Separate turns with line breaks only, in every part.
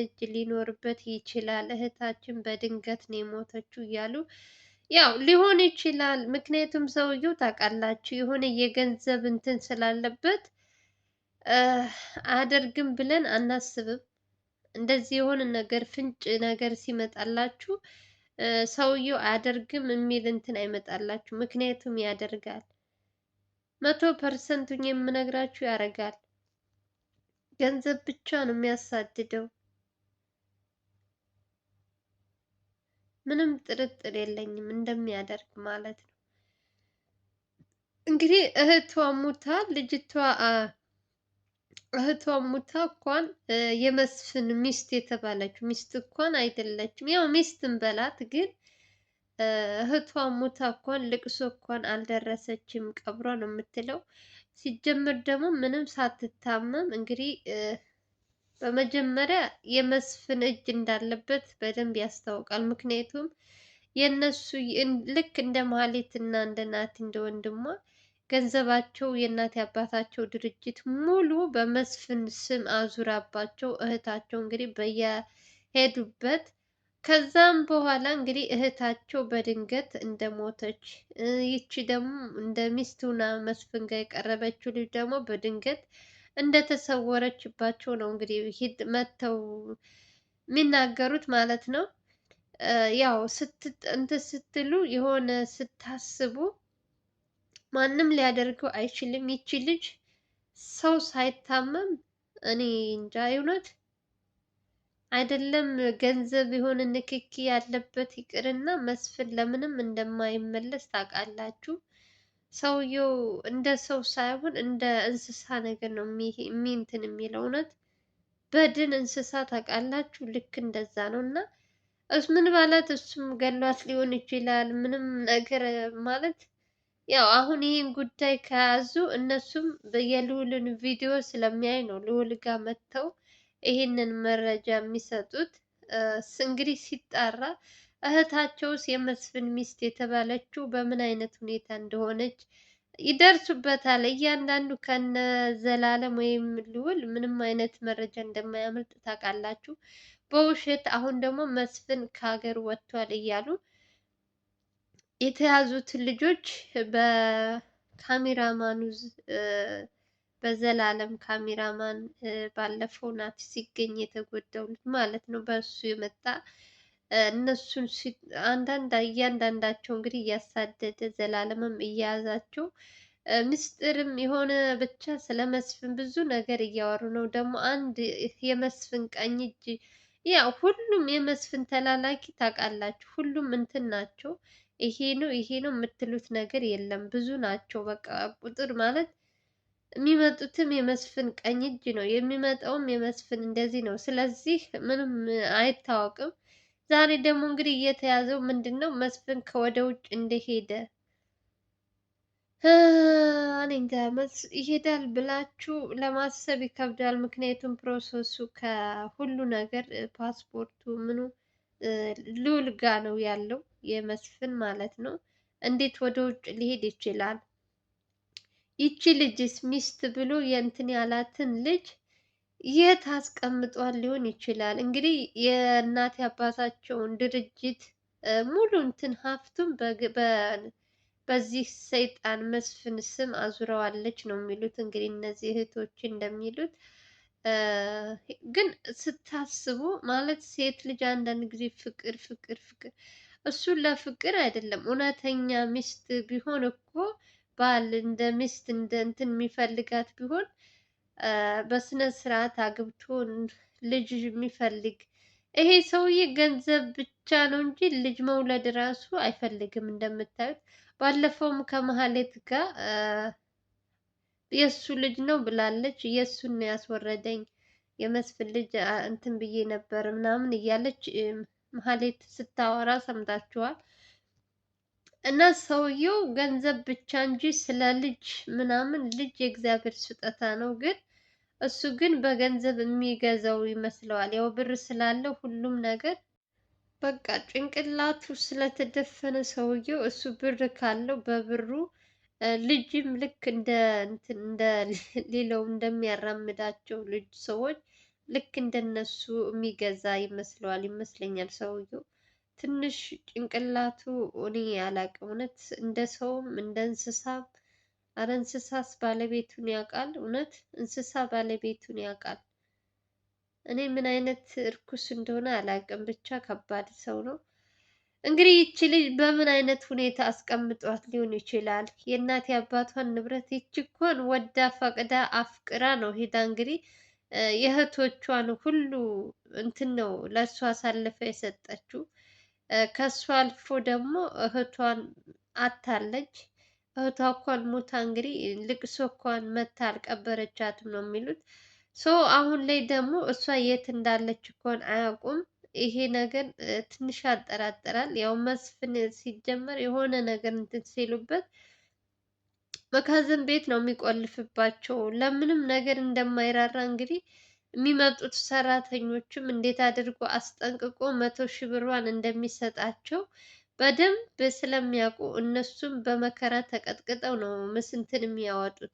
እጅ ሊኖርበት ይችላል፣ እህታችን በድንገት ነው የሞተችው እያሉ ያው ሊሆን ይችላል። ምክንያቱም ሰውየው ታውቃላችሁ የሆነ የገንዘብ እንትን ስላለበት አደርግም ብለን አናስብም። እንደዚህ የሆነ ነገር ፍንጭ ነገር ሲመጣላችሁ ሰውየው አደርግም የሚል እንትን አይመጣላችሁ። ምክንያቱም ያደርጋል፣ መቶ ፐርሰንቱን የምነግራችሁ ያደርጋል። ገንዘብ ብቻ ነው የሚያሳድደው። ምንም ጥርጥር የለኝም እንደሚያደርግ ማለት ነው። እንግዲህ እህቷ ሙታ ልጅቷ እህቷ ሙታ እንኳን የመስፍን ሚስት የተባለችው ሚስት እንኳን አይደለችም። ያው ሚስትን በላት ግን እህቷ ሙታ እንኳን ልቅሶ እንኳን አልደረሰችም ቀብሯ ነው የምትለው። ሲጀምር ደግሞ ምንም ሳትታመም እንግዲህ በመጀመሪያ የመስፍን እጅ እንዳለበት በደንብ ያስታውቃል። ምክንያቱም የእነሱ ልክ እንደ ማህሌት እና እንደ ናቲ እንደ ወንድሟ ገንዘባቸው የእናት አባታቸው ድርጅት ሙሉ በመስፍን ስም አዙራባቸው እህታቸው እንግዲህ በየሄዱበት ከዛም በኋላ እንግዲህ እህታቸው በድንገት እንደሞተች ይቺ ደግሞ እንደ ሚስቱና መስፍን ጋር የቀረበችው ልጅ ደግሞ በድንገት እንደተሰወረችባቸው ነው እንግዲህ ሂድ መተው የሚናገሩት ማለት ነው። ያው እንትን ስትሉ የሆነ ስታስቡ ማንም ሊያደርገው አይችልም። ይቺ ልጅ ሰው ሳይታመም እኔ እንጃ እውነት አይደለም ገንዘብ የሆነ ንክኪ ያለበት ይቅርና መስፍን ለምንም እንደማይመለስ ታውቃላችሁ። ሰውየው እንደ ሰው ሳይሆን እንደ እንስሳ ነገር ነው የሚንትን የሚለው እውነት በድን እንስሳ ታውቃላችሁ፣ ልክ እንደዛ ነው። እና ምን ማለት እሱም ገሏት ሊሆን ይችላል ምንም ነገር ማለት ያው አሁን ይህን ጉዳይ ከያዙ እነሱም የልዑልን ቪዲዮ ስለሚያይ ነው ልዑል ጋር መጥተው ይህንን መረጃ የሚሰጡት። እንግዲህ ሲጣራ እህታቸውስ የመስፍን ሚስት የተባለችው በምን አይነት ሁኔታ እንደሆነች ይደርሱበታል። እያንዳንዱ ከነ ዘላለም ወይም ልውል ምንም አይነት መረጃ እንደማያመልጥ ታውቃላችሁ። በውሸት አሁን ደግሞ መስፍን ከሀገር ወጥቷል እያሉ የተያዙትን ልጆች በካሜራማኑ በዘላለም ካሜራማን ባለፈው ናት ሲገኝ የተጎዳው ማለት ነው በእሱ የመጣ እነሱን አንዳንድ እያንዳንዳቸው እንግዲህ እያሳደደ ዘላለምም እያያዛቸው ምስጢርም የሆነ ብቻ ስለ መስፍን ብዙ ነገር እያወሩ ነው። ደግሞ አንድ የመስፍን ቀኝ እጅ ያው ሁሉም የመስፍን ተላላኪ ታውቃላችሁ፣ ሁሉም እንትን ናቸው። ይሄ ነው ይሄ ነው የምትሉት ነገር የለም። ብዙ ናቸው። በቃ ቁጥር ማለት የሚመጡትም የመስፍን ቀኝ እጅ ነው፣ የሚመጣውም የመስፍን እንደዚህ ነው። ስለዚህ ምንም አይታወቅም። ዛሬ ደግሞ እንግዲህ እየተያዘው ምንድን ነው መስፍን ከወደ ውጭ እንደሄደ እኔ እንጃ ይሄዳል ብላችሁ ለማሰብ ይከብዳል። ምክንያቱም ፕሮሰሱ ከሁሉ ነገር ፓስፖርቱ ምኑ ልዑል ጋ ነው ያለው የመስፍን ማለት ነው። እንዴት ወደ ውጭ ሊሄድ ይችላል? ይቺ ልጅስ ሚስት ብሎ የእንትን ያላትን ልጅ የት አስቀምጧል ሊሆን ይችላል። እንግዲህ የእናት አባታቸውን ድርጅት ሙሉ እንትን ሀብቱን በዚህ ሰይጣን መስፍን ስም አዙረዋለች ነው የሚሉት። እንግዲህ እነዚህ እህቶች እንደሚሉት ግን ስታስቡ ማለት ሴት ልጅ አንዳንድ ጊዜ ፍቅር ፍቅር ፍቅር እሱ ለፍቅር አይደለም። እውነተኛ ሚስት ቢሆን እኮ ባል እንደ ሚስት እንደ እንትን የሚፈልጋት ቢሆን በስነ ስርዓት አግብቶ ልጅ የሚፈልግ ይሄ ሰውዬ ገንዘብ ብቻ ነው እንጂ ልጅ መውለድ ራሱ አይፈልግም። እንደምታዩት ባለፈውም ከመሀሌት ጋር የእሱ ልጅ ነው ብላለች። የእሱን ያስወረደኝ የመስፍን ልጅ እንትን ብዬ ነበር ምናምን እያለች መሀሌት ስታወራ ሰምታችኋል። እና ሰውየው ገንዘብ ብቻ እንጂ ስለ ልጅ ምናምን ልጅ የእግዚአብሔር ስጦታ ነው። ግን እሱ ግን በገንዘብ የሚገዛው ይመስለዋል። ያው ብር ስላለው ሁሉም ነገር በቃ ጭንቅላቱ ስለተደፈነ ሰውየው እሱ ብር ካለው በብሩ ልጅም ልክ እንደ እንደ ሌላው እንደሚያራምዳቸው ልጅ ሰዎች ልክ እንደነሱ የሚገዛ ይመስለዋል ይመስለኛል ሰውየው ትንሽ ጭንቅላቱ እኔ አላቅም። እውነት እንደ ሰውም እንደ እንስሳም አረ እንስሳስ ባለቤቱን ያውቃል። እውነት እንስሳ ባለቤቱን ያውቃል። እኔ ምን አይነት እርኩስ እንደሆነ አላቅም። ብቻ ከባድ ሰው ነው። እንግዲህ ይቺ ልጅ በምን አይነት ሁኔታ አስቀምጧት ሊሆን ይችላል? የእናት የአባቷን ንብረት እኮን ወዳ ፈቅዳ አፍቅራ ነው ሄዳ እንግዲህ የእህቶቿን ሁሉ እንትን ነው ለእሷ አሳልፈ የሰጠችው። ከሱ አልፎ ደግሞ እህቷን አታለች። እህቷ እኳን ሙታ እንግዲህ ልቅሶ እኳን መታ አልቀበረቻትም ነው የሚሉት። ሶ አሁን ላይ ደግሞ እሷ የት እንዳለች እኳን አያውቁም። ይሄ ነገር ትንሽ ያጠራጥራል። ያው መስፍን ሲጀመር የሆነ ነገር እንትን ሲሉበት መካዘን ቤት ነው የሚቆልፍባቸው። ለምንም ነገር እንደማይራራ እንግዲህ የሚመጡት ሰራተኞችም እንዴት አድርጎ አስጠንቅቆ መቶ ሺህ ብሯን እንደሚሰጣቸው በደንብ ስለሚያውቁ እነሱም በመከራ ተቀጥቅጠው ነው ምስንትን የሚያወጡት።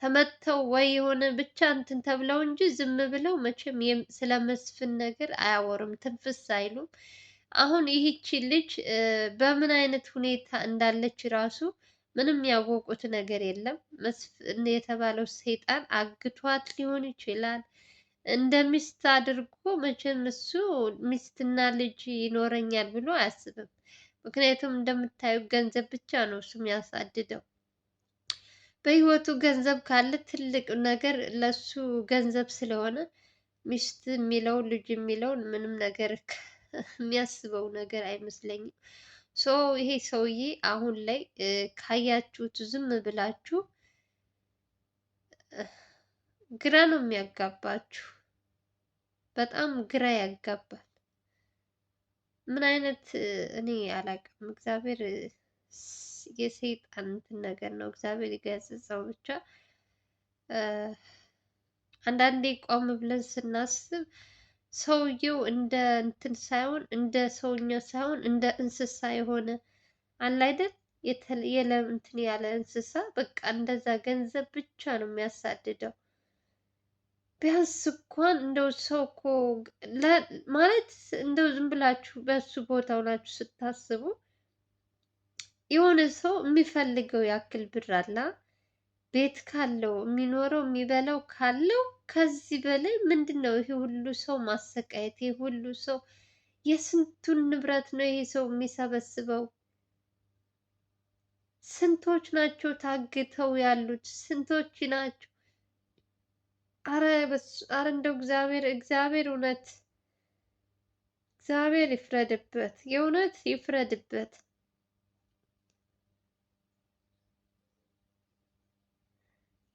ተመተው ወይ የሆነ ብቻ እንትን ተብለው እንጂ ዝም ብለው መቼም ስለ መስፍን ነገር አያወሩም፣ ትንፍስ አይሉም። አሁን ይህቺ ልጅ በምን አይነት ሁኔታ እንዳለች ራሱ ምንም ያወቁት ነገር የለም። መስፍን የተባለው ሰይጣን አግቷት ሊሆን ይችላል። እንደ ሚስት አድርጎ መቼም እሱ ሚስትና ልጅ ይኖረኛል ብሎ አያስብም። ምክንያቱም እንደምታዩ ገንዘብ ብቻ ነው እሱ የሚያሳድደው። በህይወቱ ገንዘብ ካለ ትልቅ ነገር ለሱ ገንዘብ ስለሆነ ሚስት የሚለው ልጅ የሚለውን ምንም ነገር የሚያስበው ነገር አይመስለኝም። ሶ ይሄ ሰውዬ አሁን ላይ ካያችሁት ዝም ብላችሁ ግራ ነው የሚያጋባችሁ። በጣም ግራ ያጋባል። ምን አይነት እኔ አላውቅም። እግዚአብሔር የሰይጣን እንትን ነገር ነው። እግዚአብሔር ይገስጸው ብቻ። አንዳንዴ ቆም ብለን ስናስብ ሰውየው እንደ እንትን ሳይሆን እንደ ሰውኛ ሳይሆን እንደ እንስሳ የሆነ አለ አይደል? የለም እንትን ያለ እንስሳ በቃ እንደዛ ገንዘብ ብቻ ነው የሚያሳድደው። ቢያንስ እንኳን እንደው ሰው እኮ ማለት እንደው ዝም ብላችሁ በሱ ቦታው ናችሁ ስታስቡ የሆነ ሰው የሚፈልገው ያክል ብር አላ ቤት ካለው የሚኖረው የሚበላው ካለው ከዚህ በላይ ምንድን ነው? ይሄ ሁሉ ሰው ማሰቃየት፣ ይሄ ሁሉ ሰው የስንቱን ንብረት ነው ይሄ ሰው የሚሰበስበው? ስንቶች ናቸው ታግተው ያሉት? ስንቶች ናቸው አረ እንደው እግዚአብሔር እግዚአብሔር እውነት እግዚአብሔር ይፍረድበት፣ የእውነት ይፍረድበት።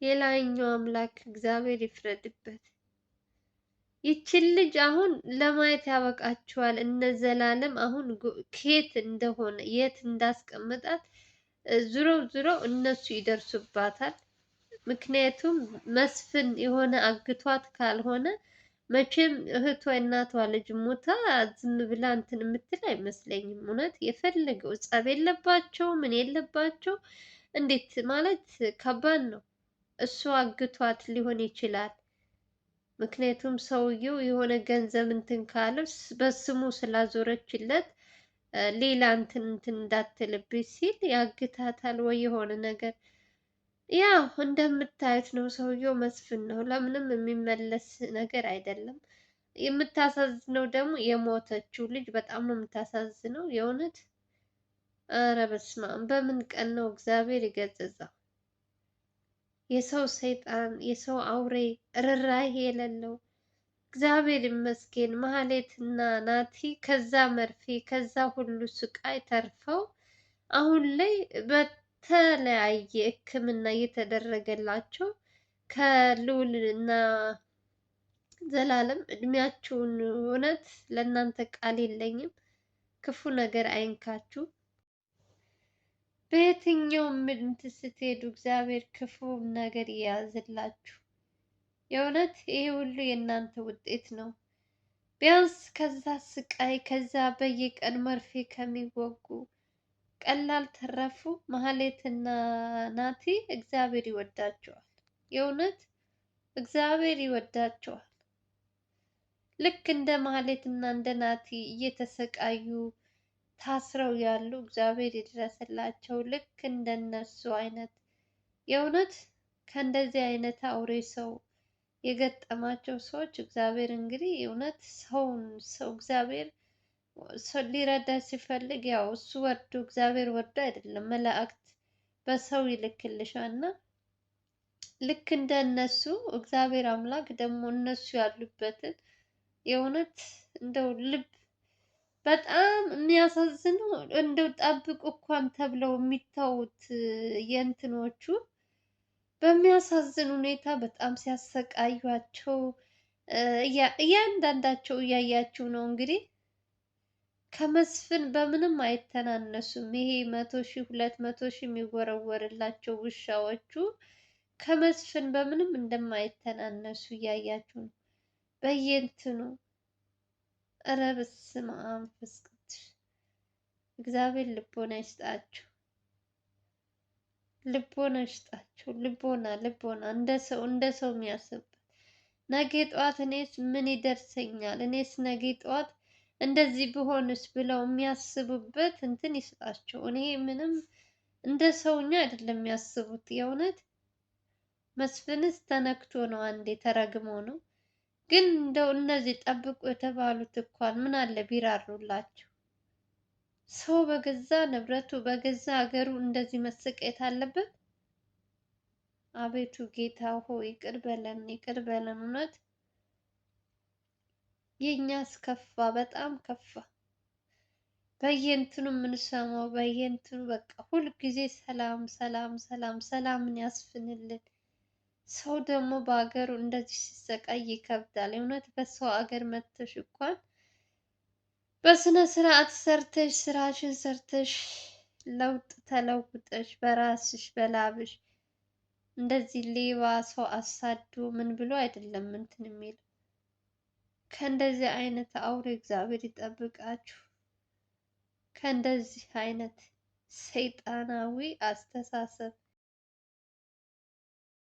የላይኛው አምላክ እግዚአብሔር ይፍረድበት። ይችን ልጅ አሁን ለማየት ያበቃችኋል። እነ ዘላለም አሁን ከየት እንደሆነ የት እንዳስቀመጣት ዙረው ዙረው እነሱ ይደርሱባታል። ምክንያቱም መስፍን የሆነ አግቷት ካልሆነ መቼም እህቷ እናቷ ልጅ ሞታ ዝም ብላ እንትን የምትል አይመስለኝም። እውነት የፈለገው ጸብ የለባቸው ምን የለባቸው። እንዴት ማለት ከባድ ነው። እሱ አግቷት ሊሆን ይችላል። ምክንያቱም ሰውየው የሆነ ገንዘብ እንትን ካለው በስሙ ስላዞረችለት ሌላ እንትን እንትን እንዳትልብሽ ሲል ያግታታል ወይ የሆነ ነገር ያው እንደምታዩት ነው። ሰውየው መስፍን ነው። ለምንም የሚመለስ ነገር አይደለም። የምታሳዝነው ደግሞ የሞተችው ልጅ በጣም ነው የምታሳዝነው። የእውነት ኧረ በስመ አብ! በምን ቀን ነው እግዚአብሔር ይገጽጻው? የሰው ሰይጣን፣ የሰው አውሬ፣ ርራይ የሌለው እግዚአብሔር ይመስገን። መሀሌትና ናቲ ከዛ መርፌ ከዛ ሁሉ ስቃይ ተርፈው አሁን ላይ ተለያየ ሕክምና እየተደረገላቸው ከልዑል እና ዘላለም እድሜያችሁን እውነት ለእናንተ ቃል የለኝም። ክፉ ነገር አይንካችሁ። በየትኛውም እንትን ስትሄዱ እግዚአብሔር ክፉ ነገር ይያዝላችሁ። የእውነት ይሄ ሁሉ የእናንተ ውጤት ነው። ቢያንስ ከዛ ስቃይ ከዛ በየቀን መርፌ ከሚወጉ ቀላል ተረፉ። ማህሌትና ናቲ እግዚአብሔር ይወዳቸዋል። የእውነት እግዚአብሔር ይወዳቸዋል። ልክ እንደ ማህሌትና እንደ ናቲ እየተሰቃዩ ታስረው ያሉ እግዚአብሔር የደረሰላቸው ልክ እንደነሱ አይነት የእውነት ከእንደዚህ አይነት አውሬ ሰው የገጠማቸው ሰዎች እግዚአብሔር እንግዲህ እውነት ሰውን ሰው እግዚአብሔር ሊረዳ ሲፈልግ ያው እሱ ወርዶ እግዚአብሔር ወርዶ አይደለም መላእክት በሰው ይልክልሻል እና ልክ እንደ እነሱ እግዚአብሔር አምላክ ደግሞ እነሱ ያሉበትን የእውነት እንደው ልብ በጣም የሚያሳዝኑ እንደው ጠብቁ እንኳን ተብለው የሚታዩት የእንትኖቹ በሚያሳዝን ሁኔታ በጣም ሲያሰቃዩቸው እያንዳንዳቸው እያያችው ነው እንግዲህ ከመስፍን በምንም አይተናነሱም። ይሄ መቶ ሺህ ሁለት መቶ ሺህ የሚወረወርላቸው ውሻዎቹ ከመስፍን በምንም እንደማይተናነሱ እያያችሁ ነው። በየንትኑ ኧረ በስመ አብ ቅዱስ እግዚአብሔር ልቦና ይስጣችሁ። ልቦና ይስጣችሁ። ልቦና ልቦና እንደ ሰው እንደ ሰው የሚያስብ ነገ ጠዋት እኔስ ምን ይደርሰኛል? እኔስ ነገ ጠዋት እንደዚህ ብሆንስ ብለው የሚያስቡበት እንትን ይስጣቸው። እኔ ምንም እንደ ሰውኛ አይደለም የሚያስቡት። የእውነት መስፍንስ ተነክቶ ነው አንዴ ተረግሞ ነው። ግን እንደው እነዚህ ጠብቁ የተባሉት እንኳን ምን አለ ቢራሩላቸው። ሰው በገዛ ንብረቱ በገዛ ሀገሩ እንደዚህ መሰቃየት አለበት? አቤቱ ጌታ ሆይ ይቅር በለን፣ ይቅር በለን እውነት የእኛስ ከፋ፣ በጣም ከፋ። በየእንትኑ የምንሰማው በየእንትኑ በቃ ሁልጊዜ ሰላም ሰላም ሰላም ሰላምን ያስፍንልን። ሰው ደግሞ በሀገሩ እንደዚህ ሲሰቃይ ይከብዳል። እውነት በሰው ሀገር መጥተሽ እንኳን በስነ ስርዓት ሰርተሽ ስራሽን ሰርተሽ ለውጥ ተለውጠሽ በራስሽ በላብሽ እንደዚህ ሌባ ሰው አሳዶ ምን ብሎ አይደለም እንትን የሚለው ከእንደዚህ አይነት አውሬ እግዚአብሔር ይጠብቃችሁ። ከእንደዚህ አይነት ሰይጣናዊ አስተሳሰብ